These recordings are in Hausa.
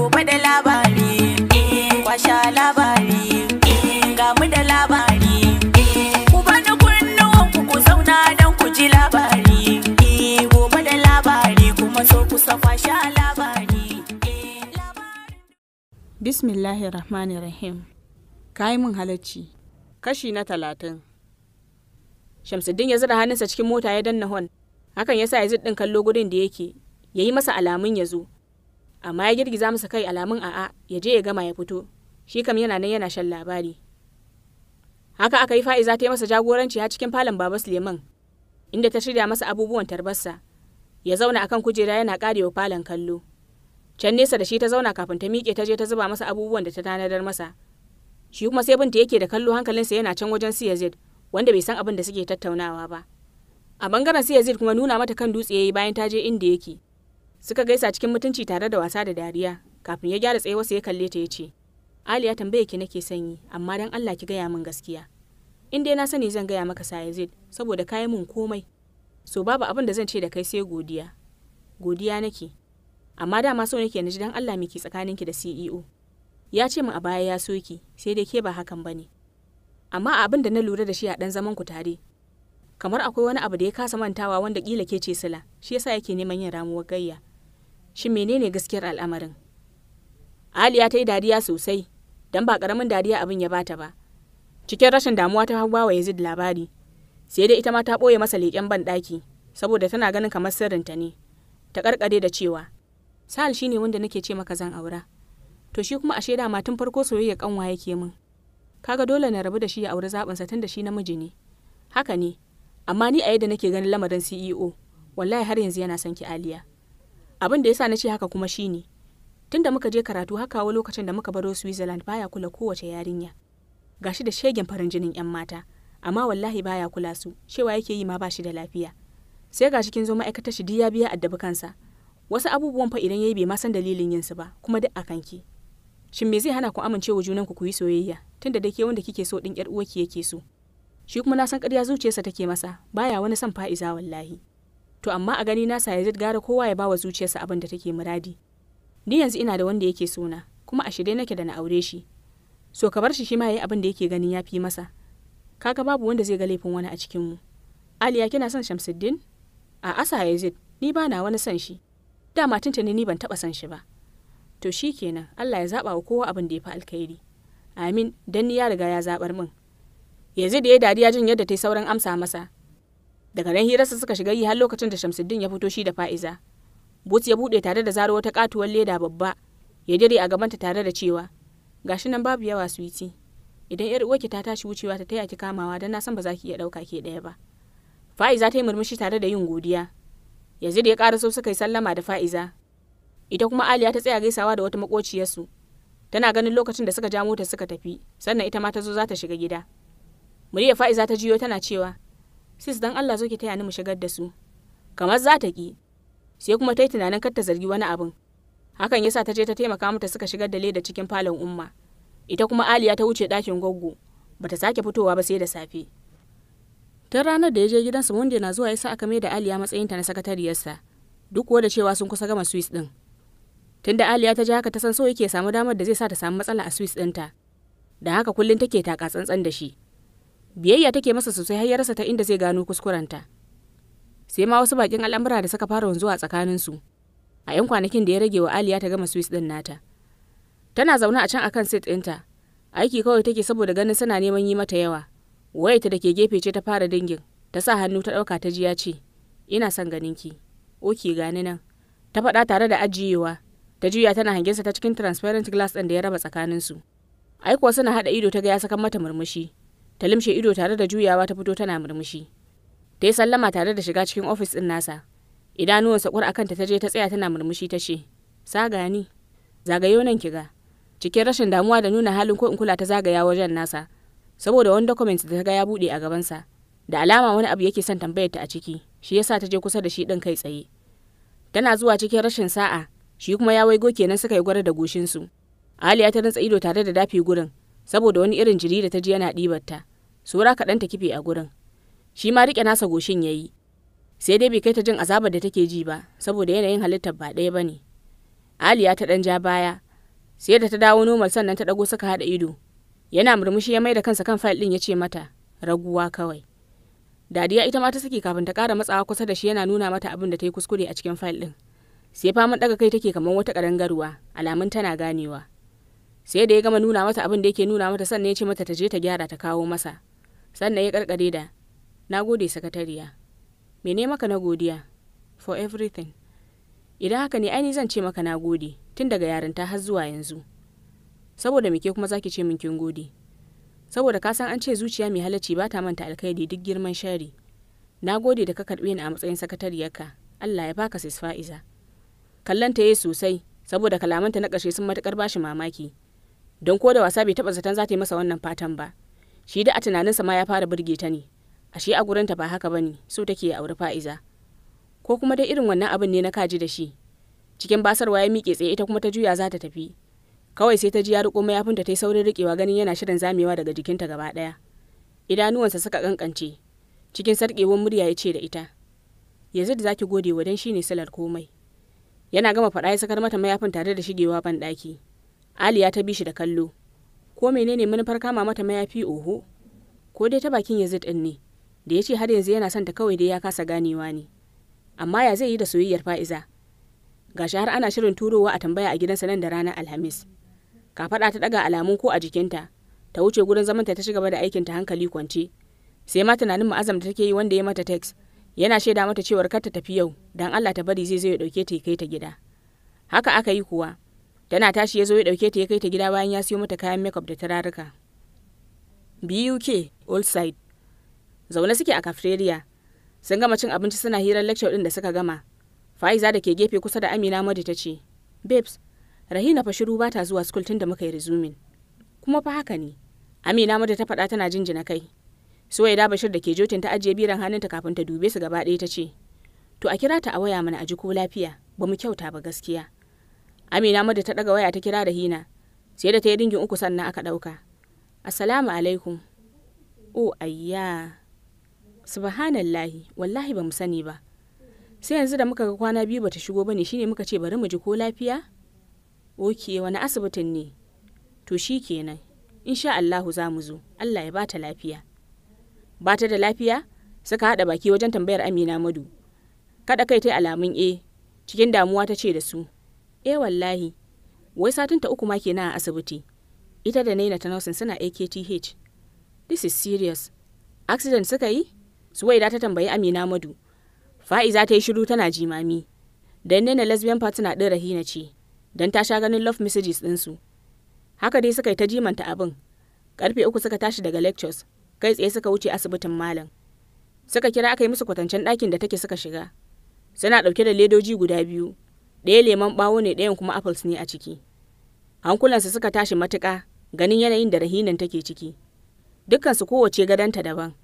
gobe da labari eh, kwasha labari eh, ga mu da labari eh, ku bani kunnuwan ku ku zauna don ku ji labari gobe da labari kuma so ku sa kwasha labari bismillahir rahim kayi min halacci kashi na talatin shamsuddin ya zira hannunsa cikin mota ya danna hon hakan ya sa yazid ɗin kallo gurin da yake ya yi masa alamun ya zo amma ya girgiza masa kai alamun a'a ya je ya gama ya fito shi kam yana nan yana shan labari haka aka yi fa'iza ta yi masa jagoranci har cikin falon baba suleiman inda ta shirya masa abubuwan tarbarsa ya zauna a kan kujera yana karewa falon kallo can nesa da shi ta zauna kafin ta miƙe ta je ta zuba masa abubuwan da ta tanadar masa shi kuma sai binta yake da kallo hankalinsa yana can wajen siyazid wanda bai san abin da suke tattaunawa ba a bangaren siya zid kuma nuna mata kan dutse ya yi bayan ta je inda yake Suka gaisa cikin mutunci tare da wasa da dariya, kafin ya gyara tsaye wasu ya kalle ta ya ce, Ali ya tambaye ki nake sanyi, amma dan Allah ki gaya min gaskiya. In dai na sani zan gaya maka Sayezid, saboda kayi mun komai. So babu abin da zan ce da kai sai godiya. Godiya nake. Amma dama so nake na ji dan Allah miki tsakaninki da CEO. Ya ce min a baya ya so ki, sai dai ke ba hakan bane. Amma abin da na lura da shi a dan zaman ku tare, kamar akwai wani abu da ya kasa mantawa wanda kila ke ce sila, shi yasa yake neman yin ramuwar gayya. shin menene gaskiyar al'amarin aliya ta yi dariya sosai don ba karamin dariya abin ya bata ba cikin rashin damuwa ta hawa wa yazid labari sai dai ita ma ta ɓoye masa leƙen ban ɗaki saboda tana ganin kamar sirrinta ne ta ƙarƙare da cewa sahal ne wanda nake ce maka zan aura to shi kuma ashe dama tun farko soyayya kanwa yake min kaga dole na rabu da shi ya auri zaɓinsa tun da shi namiji ne haka ne amma ni a yadda nake ganin lamarin CEO wallahi har yanzu yana son ki Aliya abin da ya sa na ce haka kuma shine tun da muka je karatu haka hawa lokacin da muka baro switzerland baya kula kowace yarinya ga shi da shegen farin jinin yan mata amma wallahi baya kula su cewa yake yi ma ba shi da lafiya sai ga cikin zo ma'aikatar shi ya biya addabi kansa wasu abubuwan fa idan yayi bai ma san dalilin yin su ba kuma duk a kanki shin me zai hana ku wa junan ku yi soyayya tunda da ke wanda kike so din yar uwarki yake so shi kuma na san karya zuciyarsa take masa baya wani son fa'iza wallahi to amma a gani nasa Yazid gara kowa ya bawa zuciyarsa abin da take muradi ni yanzu ina da wanda yake sona kuma a shirye nake da na aure shi so ka bar shi shi ma yayi abin da yake ganin fi masa kaga babu wanda zai ga laifin wani a cikin mu Aliya kina son Shamsuddin a asa Yazid ni ba na wani son shi dama tunta ne ni ban taba son shi ba to shi shikenan Allah ya zaba wa kowa abin da ya fi alkhairi amin dan ni ya riga ya zabar min ya da ya dariya jin yadda ta sauran amsa masa daga nan hirarsa suka shiga yi har lokacin da shamsuddin ya fito shi da fa'iza buts ya bude tare da zaro wata katuwar leda babba ya dire a gabanta tare da cewa gashi nan babu yawa suwiti idan yar uwarki ta tashi wucewa ta taya ki kamawa dan na san ba za ki iya dauka ke daya ba fa'iza ta yi murmushi tare da yin godiya yazid ya sau suka yi sallama da fa'iza ita kuma aliya ta tsaya gaisawa da wata makociyarsu tana ganin lokacin da suka ja mota suka tafi sannan ita ma ta zo za ta shiga gida murya fa'iza ta jiyo tana cewa sis dan Allah zo ki taya ni mu shigar da su kamar za ta ki sai kuma ta yi tunanin kar ta zargi wani abin hakan yasa ta je ta taimaka mata suka shigar da leda cikin falon umma ita kuma aliya ta wuce dakin goggo bata sake fitowa ba sai da safe ta ranar da ya je gidansa wanda na zuwa yasa aka mai da aliya ta na sakatariyarsa duk kuwa da cewa sun kusa gama swiss din tunda aliya ta ji haka ta san so yake samu damar da zai sa ta samu matsala a swiss ta da haka kullum take taka tsantsan da shi biyayya take masa sosai har ya rasa ta inda zai gano kuskurenta sai ma wasu bakin al'amura da suka fara wanzuwa tsakanin su. a 'yan kwanakin da ya rage wa aliya ta gama swiss din nata tana zaune a can akan sit ɗinta aiki kawai take saboda ganin suna neman yi mata yawa wayarta da ke gefe ce ta fara dingin ta sa hannu ta ɗauka ta jiya ce ina son ganinki oke gani nan ta faɗa tare da ajiyewa ta juya tana hangensa ta cikin transparent glass ɗin da ya raba tsakaninsu su kuwa suna haɗa ido ta ga ya sakan mata murmushi ta limshe ido tare da juyawa ta fito tana murmushi ta yi sallama tare da shiga cikin ofis ɗin nasa idanuwansa ƙwar akan ta je ta tsaya tana murmushi ta ce saga ni zagayo nan kiga cikin rashin damuwa da nuna halin ko in kula ta zagaya wajen nasa saboda wani document da ta ga ya buɗe a gabansa da alama wani abu yake son tambayar ta a ciki shi yasa ta je kusa da shi ɗin kai tsaye tana zuwa cikin rashin sa'a shi kuma ya waigo kenan suka yi gwara da goshinsu aliya ta rantsa ido tare da dafi gurin saboda wani irin jiri da ta ji yana ɗibarta sora kaɗan ta kife a gurin shi ma riƙe nasa goshin ya yi sai dai bai kai ta jin azabar da take ji ba saboda yanayin halittar ba ɗaya ba ne aliya ta ɗan ja baya sai da ta dawo nomal sannan ta ɗago suka haɗa ido yana murmushi ya mai da kansa kan fayil ɗin ya ce mata raguwa kawai dadiya ita ma ta saki kafin ta ƙara matsawa kusa da shi yana nuna mata abin da ta yi kuskure a cikin fayil ɗin sai faman ɗaga kai take kamar wata ƙarangarwa alamun tana ganewa sai da ya gama nuna mata abin da yake nuna mata sannan ya ce mata ta je ta gyara ta kawo masa sannan ya karkare da na gode sakatariya mene maka na godiya for everything idan haka ne aini zan ce maka na gode tun daga yarinta har zuwa yanzu saboda muke kuma zaki ce min kin gode saboda ka san an ce zuciya mai halacci ba ta manta alkhairi duk girman shari na gode da ka karbe ni a matsayin sakatariyarka allah ya baka fa'iza. kallon ta yi sosai saboda kalamanta na ƙarshe sun matukar bashi mamaki don ko da wasa bai taɓa zaton za ta yi masa wannan fatan ba shi da a tunaninsa ma ya fara burge ta ne A shi a gurinta ba haka bane so take ya auri fa'iza ko kuma dai irin wannan abin ne na kaji da shi cikin basarwa ya miƙe tsaye ita kuma ta juya za ta tafi kawai sai ta ji ya riko mayafinta ta yi saurin riƙewa ganin yana shirin zamewa daga jikinta gaba ɗaya idanuwansa suka kankance cikin sarƙewar murya ya ce da ita yanzu da zaki gode wa shi ne silar komai yana gama faɗa ya sakar mata mayafin tare da shigewa ban ɗaki aliya ta bi shi da kallo ko menene manufar kama mata mayafi oho ko dai ta bakin yazid din ne da ya ce har yanzu yana son kawai dai ya kasa ganewa ne amma ya zai yi da soyayyar fa'iza gashi har ana shirin turowa a tambaya a gidansa nan da ranar alhamis ka faɗa ta ɗaga alamun ko a jikinta ta wuce gurin zamanta ta shiga da aikin ta hankali kwance sai ma tunanin ma'azam da take yi wanda ya mata text yana shaida mata cewar kar ta tafi yau dan Allah ta bari zai zo ya dauke ta kai ta gida haka aka yi kuwa tana tashi ya zo ya ɗauke ta ya kai ta gida bayan ya siyo mata kayan makeup da turaruka buk old side zaune suke a cafeteria sun gama cin abinci suna hirar lecture ɗin da suka gama fa'iza da ke gefe kusa da amina madi ta ce babes rahina fa shiru ba ta zuwa school tun da muka yi rizumin. kuma fa haka ne amina madi ta faɗa tana jinjina kai da bashir da ke jotin ta ajiye biran hannunta kafin ta dube su gaba ɗaya ta ce to a kira ta a waya mana a ji ko lafiya ba mu kyauta ba gaskiya Amina madu ta daga waya ta kira da Hina. Sai da ta yi dingin uku sannan aka dauka. Assalamu alaikum. O oh, ayya. Subhanallahi, wallahi ba mu sani ba. Sai yanzu da muka ga kwana biyu bata shigo bane shine muka ce bari mu ji ko lafiya? Oke, wani asibitin ne? To shi kenan. Insha Allahu za mu zo. Allah ya bata lafiya. Bata da lafiya? Suka hada baki wajen tambayar Amina Madu. Kada kai ta alamun E, cikin damuwa ta ce da su. eh wallahi wai satin ta uku ma kenan a asibiti ita da naina ta nausin suna akth this is serious accident suka yi su suwaida ta tambayi amina madu fa'iza ta yi shiru tana jimami da naina lesbian partner din rahina ce don ta sha ganin love messages su. haka dai suka yi ta jimanta abin karfe uku suka tashi daga lectures kai tsaye suka wuce asibitin malam suka kira aka yi musu kwatancen ɗakin da take suka shiga suna ɗauke da ledoji guda biyu ɗaya lemon ɓawo ne ɗayan kuma apples ne a ciki Hankulansu suka tashi matuƙa ganin yanayin da rahinan take ciki dukkansu kowace gadanta daban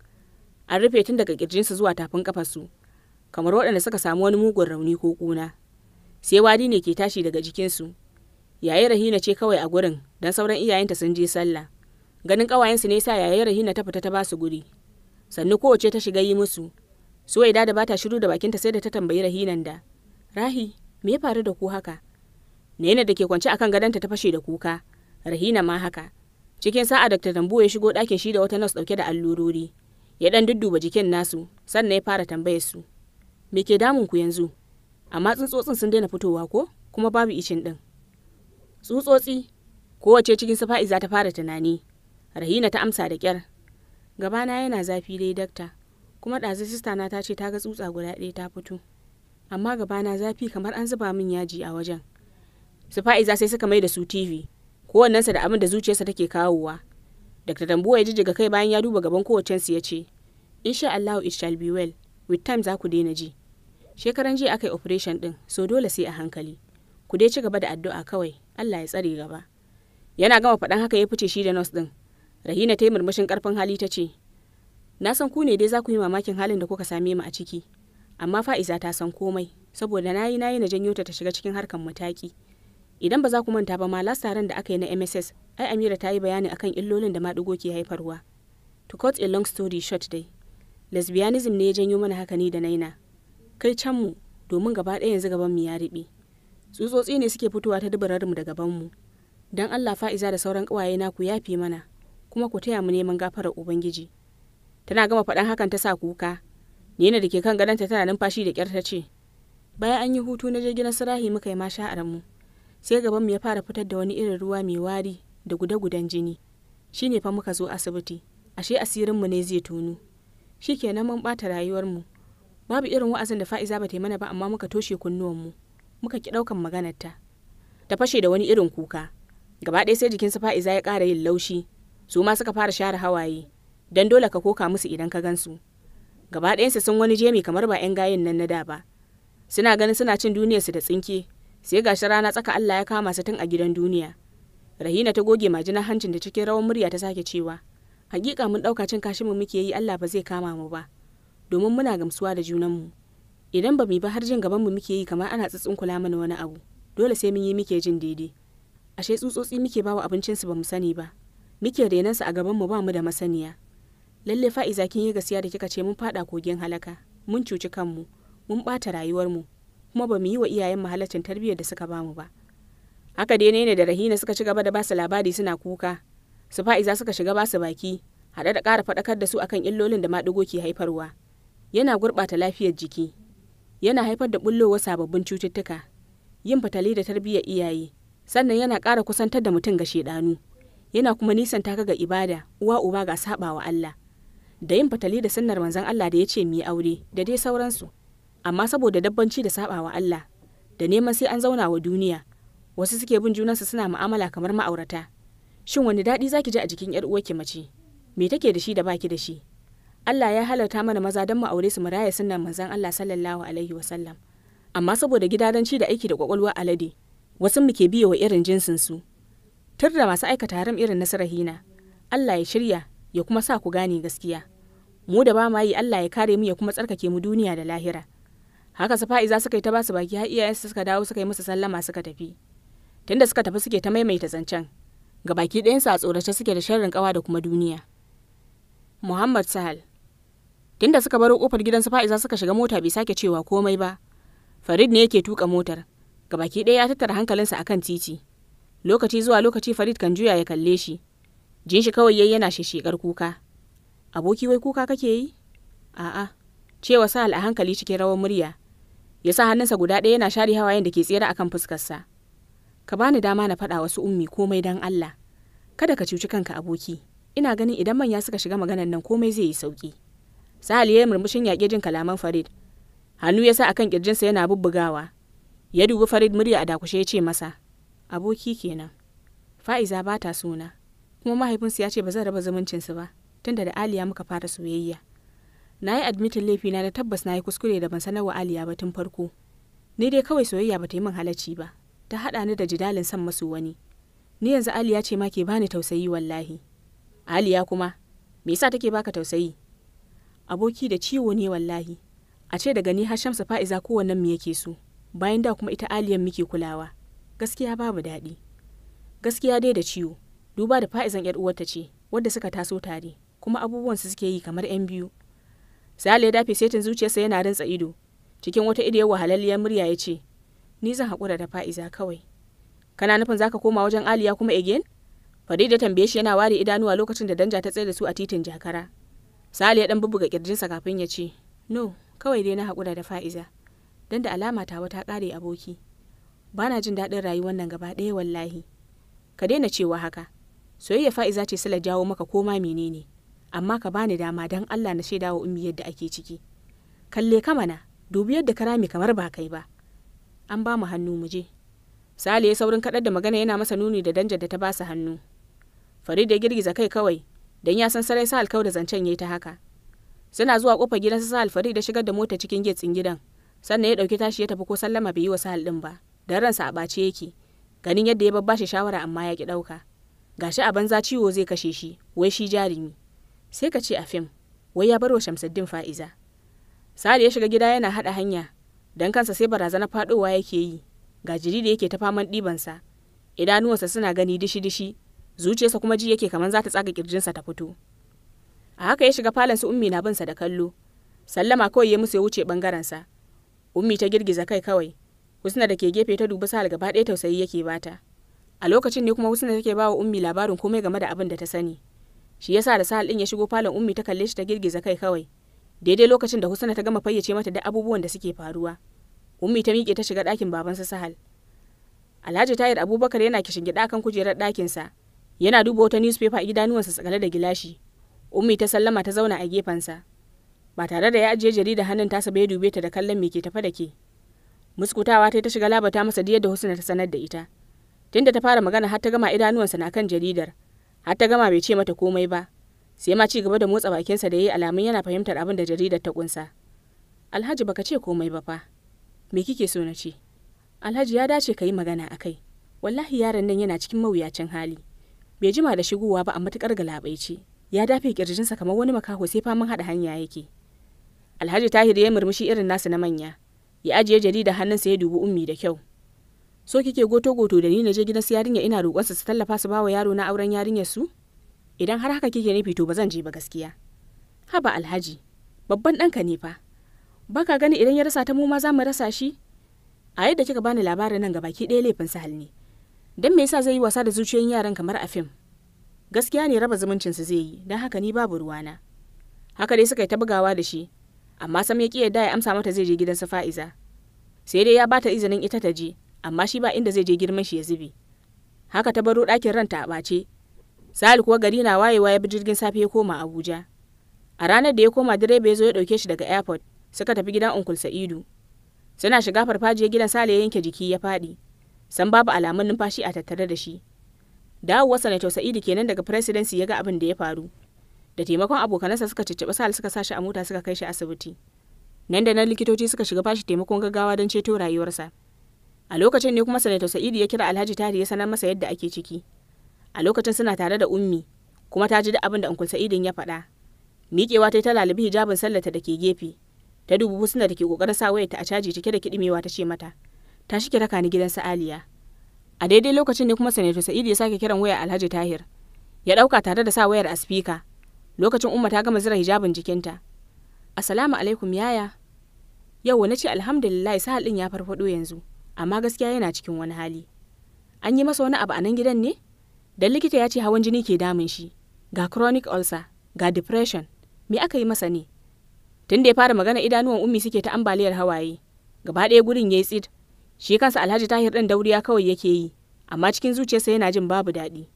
an rufe tun daga kirjinsu zuwa tafin kafarsu kamar waɗanda suka samu wani mugun rauni ko ƙuna sai wadi ne ke tashi daga jikinsu yayi rahina ce kawai a gurin don sauran iyayenta sun je sallah ganin ƙawayensu ne sa yayi rahina ta fita ta ba su guri sannu kowace ta shiga yi musu suwaida da bata shiru da bakinta sai da ta tambayi rahinan da rahi me ya faru da ku haka nene da ke kwance akan gadonta ta fashe da kuka rahina ma haka cikin sa'a dr dambu ya shigo ɗakin shi da wata nas ɗauke da allurori ya ɗan dudduba jikin nasu sannan ya fara tambayar su me ke damun ku yanzu amma tsutsotsin sun daina fitowa ko kuma babu icin ɗin tsutsotsi kowace cikin safa'i za ta fara tunani rahina ta amsa da kyar. gabana yana zafi dai dakta kuma ɗazu sista na ta ce ta ga tsutsa guda ɗaya ta fito amma gabana zafi kamar an zuba min yaji a wajen Sufa'i za sai suka mai da su tv kowannensa da abin da zuciyarsa take kawowa dr dambuwa ya jijjiga kai bayan ya duba gaban kowacensu ya ce insha allahu it shall be well with time za ku daina ji shekaran jiya aka yi operation din so dole sai a hankali ku dai ci gaba da addu'a kawai allah ya tsare gaba yana gama faɗan haka ya fice shi da nurse din rahina ta yi murmushin karfin hali ta ce na san ku ne dai za ku yi mamakin halin da kuka same mu a ciki amma fa'iza ta san komai saboda na yi na yi na janyo ta ta shiga cikin harkan mataki idan ba za ku manta ba ma lasaran da aka yi na mss ai amira ta yi bayani akan illolin da maɗigo ke haifarwa to cut a long story short dai lesbianism ne ya janyo mana haka ni da naina kai can mu domin gaba ɗaya yanzu gaban mu ya riɓe tsutsotsi ne suke fitowa ta dubarar mu da gaban mu dan Allah fa'iza da sauran ƙawaye na ku yafe mana kuma ku taya mu neman gafarar ubangiji tana gama faɗan hakan ta sa kuka Nina da ke kan gadonta tana numfashi da kyar ta ce, Bayan an yi hutu na jirgin sarahi muka yi masha mu. Sai gaban mu ya fara fitar da wani irin ruwa mai wari da guda jini. Shi ne fa muka zo asibiti, ashe asirinmu ne zai tunu. Shi kenan mun ɓata rayuwarmu. Babu irin wa'azin da fa'iza ba ta yi mana ba amma muka toshe kunnuwanmu. Muka ki ɗaukan maganarta. Ta fashe da wani irin kuka. Gaba ɗaya sai jikinsu fa'iza ya ƙara yin laushi. Su ma suka fara share hawaye. Dan dole ka koka musu idan ka gansu. gaba ɗayansa sun wani jemi kamar ba 'yan gayen nan na da ba suna ganin suna cin su da tsinke sai gashi rana tsaka Allah ya kama su tun a gidan duniya Rahina ta goge majinar hancin da cikin rawan murya ta sake cewa hakika mun ɗauka cin kashinmu muke yi Allah ba zai kama mu ba domin muna gamsuwa da junanmu idan ba mu ba har jin gaban mu muke yi kamar ana tsitsin kula mana wani abu dole sai mun yi muke jin daidai ashe tsutsotsi muke bawa abincinsu ba mu sani ba muke renansu a gaban mu ba mu da masaniya lalle fa'iza kin yi gaskiya da kika ce mun fada kogin halaka mun cuci kanmu mun bata rayuwarmu kuma ba mu yi wa mu halaccin tarbiyyar da suka ba mu ba haka dai ne da rahina suka ci gaba da basu labari suna kuka su fa'iza suka shiga basu baki haɗe da ƙara faɗakar da su akan illolin da maɗigo ke haifarwa yana gurɓata lafiyar jiki yana haifar da ɓullowa sababbin cututtuka yin fatali da tarbiyyar iyaye sannan yana ƙara kusantar da mutum ga shedanu yana kuma nisan ka ga ibada uwa uba ga saɓawa Allah da yin fatali da sunnar manzon Allah da ya ce mu yi aure da dai sauransu amma saboda dabbanci da wa Allah da neman sai an zauna wa duniya wasu suke bin junansu suna mu'amala kamar ma'aurata shin wani daɗi zaki ji a jikin yar uwa uwarki mace me take da shi da baki da shi Allah ya halarta mana maza dan mu aure su mu raya sunnar manzon Allah sallallahu alaihi sallam. amma saboda gidadanci da aiki da kwakwalwa alade wasu muke biye wa irin jinsin su tun da masu aikata haram irin nasara rahina Allah ya shirya ya kuma sa ku gane gaskiya mu da ba ma yi Allah ya kare mu ya kuma tsarkake mu duniya da lahira haka safa'iza suka yi ta basu baki har iyayen suka dawo suka yi musu sallama suka tafi tunda suka tafi suke ta maimaita zancen ga baki su a tsorace suke da sharrin kawa da kuma duniya Muhammad Sahal tunda suka baro kofar gidan safa'iza suka shiga mota bai sake cewa komai ba Farid ne yake tuka motar ga baki ɗaya ya tattara hankalinsa akan titi lokaci zuwa lokaci Farid kan juya ya kalle shi Jin shi kawai yayi yana shishigar kuka. Aboki wai kuka kake yi? A'a. Cewa Sahal a hankali cikin rawar murya. Ya sa hannunsa guda ɗaya yana share hawayen da ke tsere akan fuskarsa. Ka bani dama na faɗa wasu ummi komai dan Allah. Kada ka cuci kanka aboki. Ina ganin idan manya suka shiga maganar nan komai zai yi sauki. Sahal ya yi murmushin yaƙe jin kalaman Farid. Hannu ya sa akan kirjinsa yana bubbugawa. Ya dubi Farid murya a dakushe ya ce masa, "Aboki kenan." Fa'iza ba ta suna. kuma mahaifinsu ya ce ba zan raba zumuncinsu ba tunda da aliya muka fara soyayya na yi admitin na da tabbas na yi kuskure da ban sanar wa aliya ba tun farko ni dai kawai soyayya ba ta yi min halacci ba ta haɗa ni da jidalin san masu wani ni yanzu aliya ce ma ke bani tausayi wallahi aliya kuma me yasa take baka tausayi aboki da ciwo ne wallahi a ce daga ni har shamsa fa'iza kowannen mu yake so bayan da kuma ita aliyan muke kulawa gaskiya babu daɗi gaskiya dai da ciwo duba da fa'izan yar uwarta ce wadda suka taso tare kuma abubuwan su suke yi kamar yan biyu sale ya dafe setin zuciyarsa yana rantsa ido cikin wata ido yawa wahalalliyar murya ya ce ni zan haƙura da fa'iza kawai kana nufin zaka koma wajen aliya kuma again farida tambaye shi yana ware idanuwa lokacin da danja ta tsaye da su a titin jakara sale ya dan bubbuga kirjinsa kafin ya ce no kawai dai na haƙura da fa'iza dan da alama ta wata kare aboki bana jin daɗin rayuwar nan gaba ɗaya wallahi ka daina cewa haka soyayya fa'iza ce sala jawo maka koma menene amma ka bani dama dan Allah na shaida wa ummi yadda ake ciki kalle ka mana dubi yadda ka rami, kamar ba kai ba an ba mu hannu mu je Sale ya saurin kaɗar da magana yana masa nuni da danjar da ta ba su hannu Farid ya girgiza kai kawai dan ya san sarai sa alkau da zancen yayi ta haka suna zuwa kofar gidan sa Sahal Farid da shigar da mota cikin getsin gidan sannan ya dauki tashi ya tafi ko sallama bai yi wa Sahal din ba dan ransa a bace yake ganin yadda ya babbashi shawara amma ya ki dauka gashi a banza ciwo zai kashe shi wai shi jarumi sai ka ce a fim wai ya barwa shamsuddin fa'iza sa'ad ya shiga gida yana hada hanya dan kansa sai barazana fadowa yake yi ga jiri da yake ta faman ɗibansa idanuwansa suna gani dishi-dishi zuciyarsa kuma ji yake kamar za ta tsaga kirjinsa ta fito a haka ya shiga falon su ummi na binsa da kallo sallama kawai ya musu ya wuce sa ummi ta girgiza kai kawai husna da ke gefe ta dubi sahal gaba ɗaya tausayi yake bata a lokacin ne kuma husna take bawa ummi labarin komai game da abin da ta sani shi yasa da sahal din ya shigo falon ummi ta kalle shi ta girgiza kai kawai daidai lokacin da husna ta gama fayyace mata da abubuwan da suke faruwa ummi ta miƙe ta shiga ɗakin babansa sahal alhaji tayar abubakar yana gida kan kujerar ɗakinsa yana duba wata newspaper idanuwansa tsakale da gilashi ummi ta sallama ta zauna a gefensa ba tare da ya ajiye jarida hannun tasa bai dube ta da kallon me ke tafa da ke muskutawa ta ta shiga labata masa diyar da husna ta sanar da ita da ta fara magana har ta gama idanuwansa na kan jaridar har ta gama bai ce mata komai ba sai ma ci gaba da motsa bakinsa da ya yayi alamun yana fahimtar abin da jaridar ta kunsa alhaji baka ce komai ba fa me kike so na ce alhaji ya dace ka magana a kai wallahi yaron nan yana cikin mawuyacin hali bai jima da shigowa ba a matukar galabaici ya dafe kirjinsa kamar wani makaho sai faman haɗa hanya yake alhaji tahir ya murmushi irin nasu na manya ya ajiye jarida hannunsa ya dubi ummi da kyau so kike goto goto da ni na je gidan su yarinya ina roƙonsa su tallafa su bawa yaro na auren yarinyar su idan har haka kike nufi to ba zan je ba gaskiya haba alhaji babban ɗanka ne fa baka gani idan ya rasa ta mu ma za mu rasa shi a yadda kika bani labarin nan gabaki ɗaya laifin sahal ne don me yasa zai yi wasa da zuciyoyin yaran kamar a fim gaskiya ne raba zumuncin su zai yi don haka ni babu ruwa na. haka dai suka yi ta bugawa da shi amma sam ya yadda ya amsa mata zai je gidan su fa'iza sai dai ya bata izinin ita ta je amma shi ba inda zai je girman shi ya zube haka ta baro ɗakin ranta a ɓace sali kuwa gari na wayewa ya bi jirgin safe ya koma abuja a ranar da ya koma direba ya zo ya ɗauke shi daga airport suka tafi gidan unkul sa'idu suna shiga farfajiyar gidan sale ya yanke jiki ya faɗi san babu alamun numfashi a tattare da shi dawowar sanato sa'idu kenan daga presidency ya ga abin da ya faru da taimakon abokanansa suka cicciɓi Sali suka sa shi a mota suka kai shi asibiti nan da nan likitoci suka shiga bashi taimakon gaggawa don ceto rayuwarsa a lokacin ne kuma sanato sa'idu ya kira alhaji tari ya sanar masa yadda ake ciki a lokacin suna tare da ummi kuma ta ji da abin da ankul sa'idin ya faɗa miƙewa ta yi ta lalibi hijabin sallata da ke gefe ta dubu husna da ke ƙoƙarin sa wayarta a caji cike da kiɗimewa ta ce mata ta shi kira kani gidan sa'aliya a daidai lokacin ne kuma sanato sa'idu ya sake kiran wayar alhaji tahir ya ɗauka tare da sa wayar a sifika lokacin umma ta gama zira hijabin jikinta assalamu alaikum yaya yau wani ce alhamdulillah sahal ɗin ya farfaɗo yanzu amma gaskiya yana cikin wani hali an yi masa wani abu a nan gidan ne da likita ya ce hawan jini ke damun shi ga chronic ulcer ga depression me aka yi masa ne tun da ya fara magana idanuwan ummi suke ta ambaliyar hawaye gaba ɗaya gurin ya yi tsid shi kansa alhaji tahir ɗin dauriya kawai yake yi amma cikin zuciyarsa yana jin babu daɗi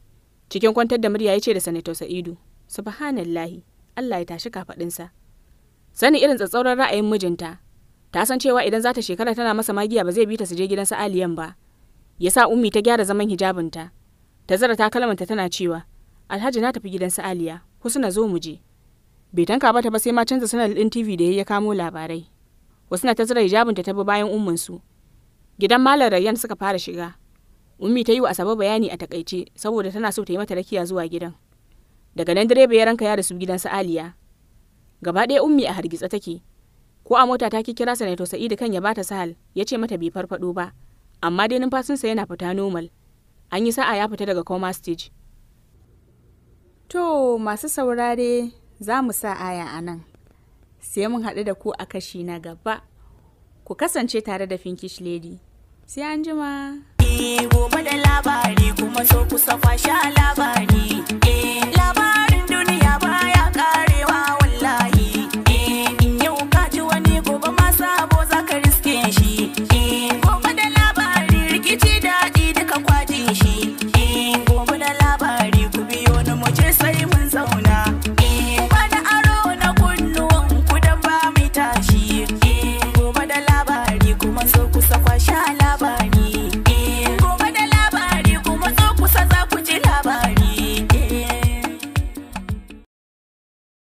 cikin kwantar da murya ya ce da sanato sa'idu subhanallahi allah ya tashi kafaɗinsa sanin irin tsatsauran ra'ayin mijinta ta san cewa idan za ta shekara tana masa magiya ba zai bi ta su je gidan su aliyan ba ya sa ummi ta gyara zaman hijabinta ta zara ta kalmanta tana cewa alhaji na tafi gidan su aliya suna zo mu je bai tanka ba ta ba sai ma canza sanar din tv da ya kamo labarai wasu na ta zara hijabinta ta bi bayan ummin su gidan malam rayyan suka fara shiga ummi ta yi wa asabe bayani a takaice saboda tana so ta yi mata rakiya zuwa gidan daga nan direba ya ranka ya da su gidan su aliya gaba ɗaya ummi a hargitsa take ko a mota ta ki kira sanato sa'idu kan ya bata sahal ya ce mata bai farfado ba amma dai numfashinsa yana fita normal an yi sa'a ya fita daga coma stage to masu saurare za mu sa aya a nan sai mun haɗu da ku a kashi na gaba ku kasance tare da finkish lady sai an jima da labari kuma so safa sha labari